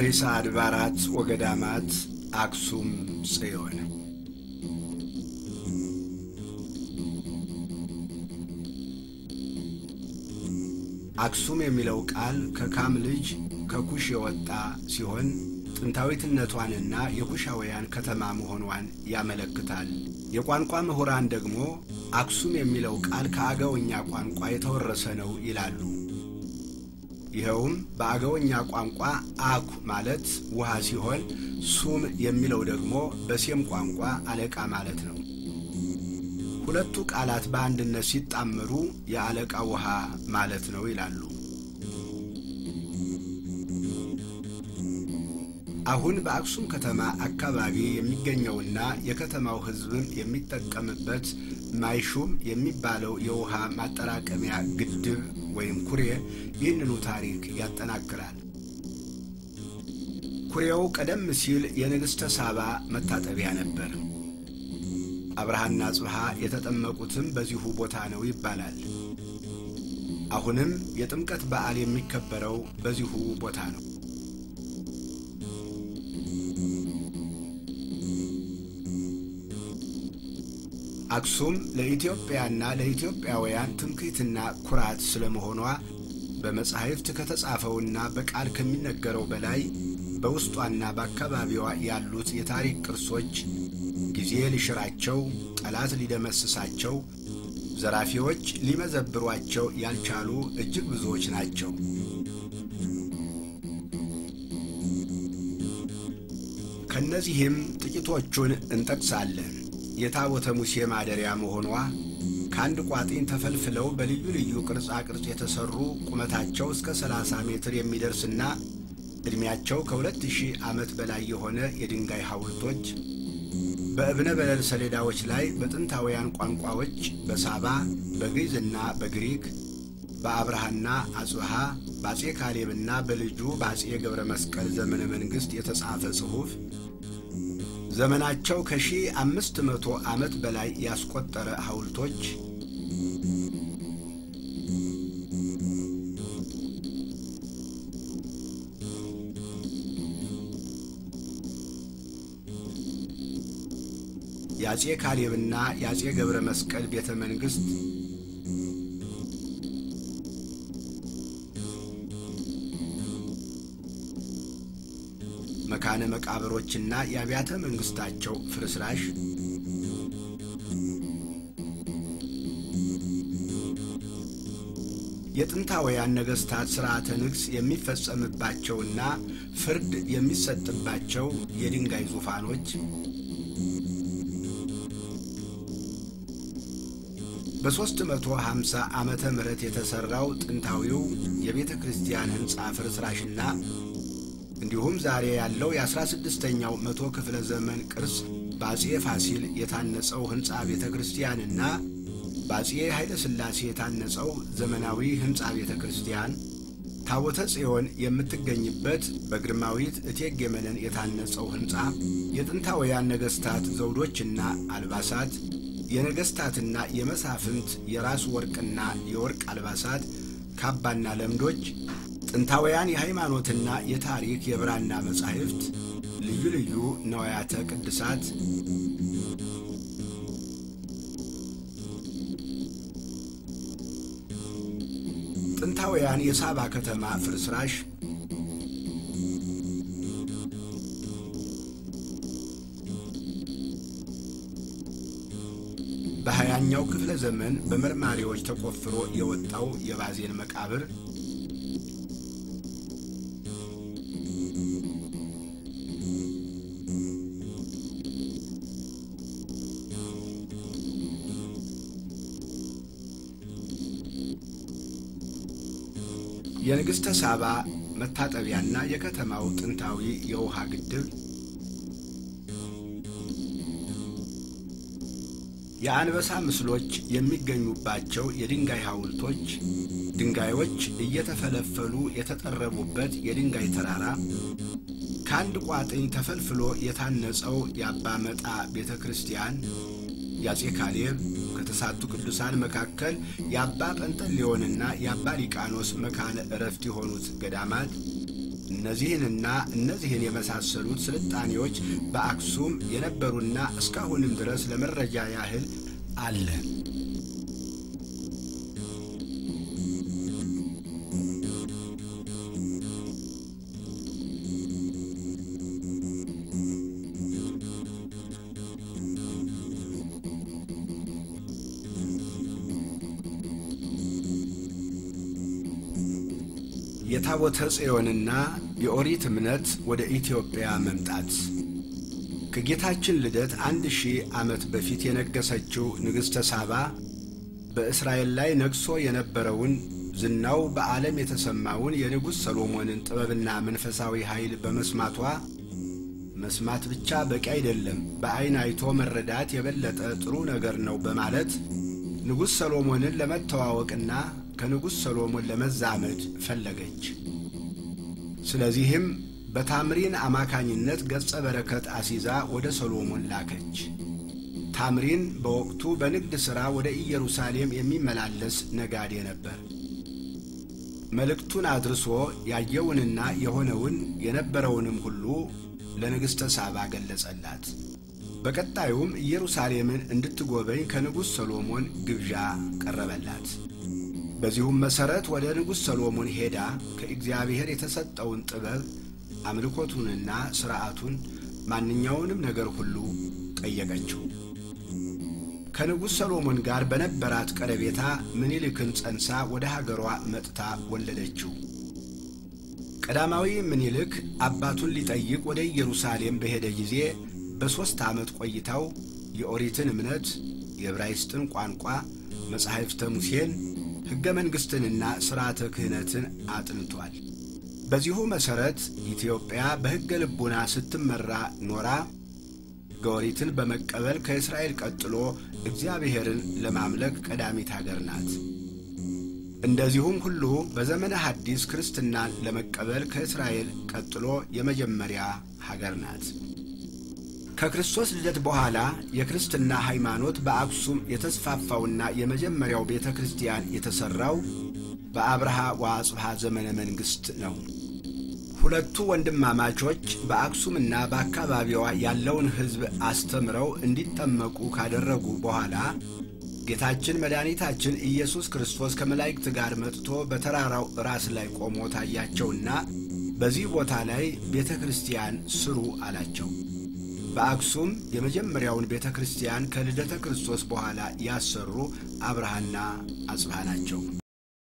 ርዕሰ አድባራት ወገዳማት አክሱም ጽዮን አክሱም የሚለው ቃል ከካም ልጅ ከኩሽ የወጣ ሲሆን ጥንታዊትነቷንና የኩሻውያን ከተማ መሆኗን ያመለክታል። የቋንቋ ምሁራን ደግሞ አክሱም የሚለው ቃል ከአገውኛ ቋንቋ የተወረሰ ነው ይላሉ። ይኸውም በአገውኛ ቋንቋ አኩ ማለት ውሃ ሲሆን ሱም የሚለው ደግሞ በሴም ቋንቋ አለቃ ማለት ነው። ሁለቱ ቃላት በአንድነት ሲጣመሩ የአለቃ ውሃ ማለት ነው ይላሉ። አሁን በአክሱም ከተማ አካባቢ የሚገኘውና የከተማው ሕዝብም የሚጠቀምበት ማይሹም የሚባለው የውሃ ማጠራቀሚያ ግድብ ወይም ኩሬ ይህንኑ ታሪክ ያጠናክራል። ኩሬው ቀደም ሲል የንግሥተ ሳባ መታጠቢያ ነበር። አብርሃና ጽብሃ የተጠመቁትም በዚሁ ቦታ ነው ይባላል። አሁንም የጥምቀት በዓል የሚከበረው በዚሁ ቦታ ነው። አክሱም ለኢትዮጵያና ለኢትዮጵያውያን ትምክህትና ኩራት ስለመሆኗ በመጻሕፍት ከተጻፈውና በቃል ከሚነገረው በላይ በውስጧና በአካባቢዋ ያሉት የታሪክ ቅርሶች ጊዜ ሊሽራቸው፣ ጠላት ሊደመስሳቸው፣ ዘራፊዎች ሊመዘብሯቸው ያልቻሉ እጅግ ብዙዎች ናቸው። ከእነዚህም ጥቂቶቹን እንጠቅሳለን። የታቦተ ሙሴ ማደሪያ መሆኗ ከአንድ ቋጥኝ ተፈልፍለው በልዩ ልዩ ቅርጻ ቅርጽ የተሠሩ ቁመታቸው እስከ 30 ሜትር የሚደርስና ዕድሜያቸው ከ200 ዓመት በላይ የሆነ የድንጋይ ሐውልቶች በእብነ በለል ሰሌዳዎች ላይ በጥንታውያን ቋንቋዎች በሳባ በግዕዝና በግሪክ በአብርሃና አጽብሃ በአጼ ካሌብና በልጁ በአጼ ገብረ መስቀል ዘመነ መንግሥት የተጻፈ ጽሑፍ ዘመናቸው ከሺህ አምስት መቶ ዓመት በላይ ያስቆጠረ ሐውልቶች የአፄ ካሌብና የአፄ ገብረ መስቀል ቤተ መንግሥት መካነ መቃብሮችና የአብያተ መንግሥታቸው ፍርስራሽ የጥንታውያን ነገሥታት ሥርዓተ ንግሥ የሚፈጸምባቸውና ፍርድ የሚሰጥባቸው የድንጋይ ዙፋኖች በ350 ዓመተ ምህረት የተሠራው ጥንታዊው የቤተ ክርስቲያን ሕንፃ ፍርስራሽና እንዲሁም ዛሬ ያለው የአስራ ኛው መቶ ክፍለ ዘመን ቅርስ በአጼ ፋሲል የታነጸው ሕንፃ ቤተ ክርስቲያንና በአጼ ኃይለ ሥላሴ የታነጸው ዘመናዊ ሕንፃ ቤተ ክርስቲያን ታቦተ ጽዮን የምትገኝበት በግርማዊት እቴጌ መነን የታነጸው ሕንፃ የጥንታውያን ነገሥታት ዘውዶችና አልባሳት፣ የነገሥታትና የመሳፍንት የራስ ወርቅና የወርቅ አልባሳት፣ ካባና ለምዶች ጥንታውያን የሃይማኖትና የታሪክ የብራና መጻሕፍት፣ ልዩ ልዩ ነዋያተ ቅድሳት ጥንታውያን የሳባ ከተማ ፍርስራሽ በሀያኛው ክፍለ ዘመን በመርማሪዎች ተቆፍሮ የወጣው የባዜን መቃብር የንግሥተ ሳባ መታጠቢያና የከተማው ጥንታዊ የውሃ ግድብ የአንበሳ ምስሎች የሚገኙባቸው የድንጋይ ሐውልቶች፣ ድንጋዮች እየተፈለፈሉ የተጠረቡበት የድንጋይ ተራራ፣ ከአንድ ቋጥኝ ተፈልፍሎ የታነጸው የአባ መጣ ቤተ ክርስቲያን የአፄ ካሌብ ከተሳቱ ቅዱሳን መካከል የአባ ጰንጠሌዎንና የአባ ሊቃኖስ መካነ እረፍት የሆኑት ገዳማት እነዚህንና እነዚህን የመሳሰሉት ስልጣኔዎች በአክሱም የነበሩና እስካሁንም ድረስ ለመረጃ ያህል አለ። የታቦተ ጽዮንና የኦሪት እምነት ወደ ኢትዮጵያ መምጣት ከጌታችን ልደት አንድ ሺህ ዓመት በፊት የነገሰችው ንግሥተ ሳባ በእስራኤል ላይ ነግሶ የነበረውን ዝናው በዓለም የተሰማውን የንጉሥ ሰሎሞንን ጥበብና መንፈሳዊ ኃይል በመስማቷ መስማት ብቻ በቂ አይደለም፣ በዐይን አይቶ መረዳት የበለጠ ጥሩ ነገር ነው በማለት ንጉሥ ሰሎሞንን ለመተዋወቅና ከንጉሥ ሰሎሞን ለመዛመድ ፈለገች። ስለዚህም በታምሪን አማካኝነት ገጸ በረከት አሲዛ ወደ ሰሎሞን ላከች። ታምሪን በወቅቱ በንግድ ሥራ ወደ ኢየሩሳሌም የሚመላለስ ነጋዴ ነበር። መልእክቱን አድርሶ ያየውንና የሆነውን የነበረውንም ሁሉ ለንግሥተ ሳባ ገለጸላት። በቀጣዩም ኢየሩሳሌምን እንድትጎበኝ ከንጉሥ ሰሎሞን ግብዣ ቀረበላት። በዚሁም መሠረት ወደ ንጉሥ ሰሎሞን ሄዳ ከእግዚአብሔር የተሰጠውን ጥበብ አምልኮቱንና ሥርዓቱን ማንኛውንም ነገር ሁሉ ጠየቀችው። ከንጉሥ ሰሎሞን ጋር በነበራት ቀረቤታ ምኒልክን ጸንሳ ወደ ሀገሯ መጥታ ወለደችው። ቀዳማዊ ምኒልክ አባቱን ሊጠይቅ ወደ ኢየሩሳሌም በሄደ ጊዜ በሦስት ዓመት ቆይታው የኦሪትን እምነት፣ የዕብራይስጥን ቋንቋ፣ መጻሕፍተ ሙሴን ሕገ መንግሥትንና ሥርዓተ ክህነትን አጥንቷል። በዚሁ መሠረት ኢትዮጵያ በሕገ ልቡና ስትመራ ኖራ ገወሪትን በመቀበል ከእስራኤል ቀጥሎ እግዚአብሔርን ለማምለክ ቀዳሚት አገር ናት። እንደዚሁም ሁሉ በዘመነ ሐዲስ ክርስትናን ለመቀበል ከእስራኤል ቀጥሎ የመጀመሪያ ሀገር ናት። ከክርስቶስ ልደት በኋላ የክርስትና ሃይማኖት በአክሱም የተስፋፋውና የመጀመሪያው ቤተ ክርስቲያን የተሠራው በአብርሃ ወአጽብሃ ዘመነ መንግሥት ነው። ሁለቱ ወንድማማቾች በአክሱምና በአካባቢዋ ያለውን ሕዝብ አስተምረው እንዲጠመቁ ካደረጉ በኋላ ጌታችን መድኃኒታችን ኢየሱስ ክርስቶስ ከመላእክት ጋር መጥቶ በተራራው ራስ ላይ ቆሞ ታያቸውና በዚህ ቦታ ላይ ቤተ ክርስቲያን ስሩ አላቸው። በአክሱም የመጀመሪያውን ቤተ ክርስቲያን ከልደተ ክርስቶስ በኋላ ያሰሩ አብርሃና አጽብሃ ናቸው።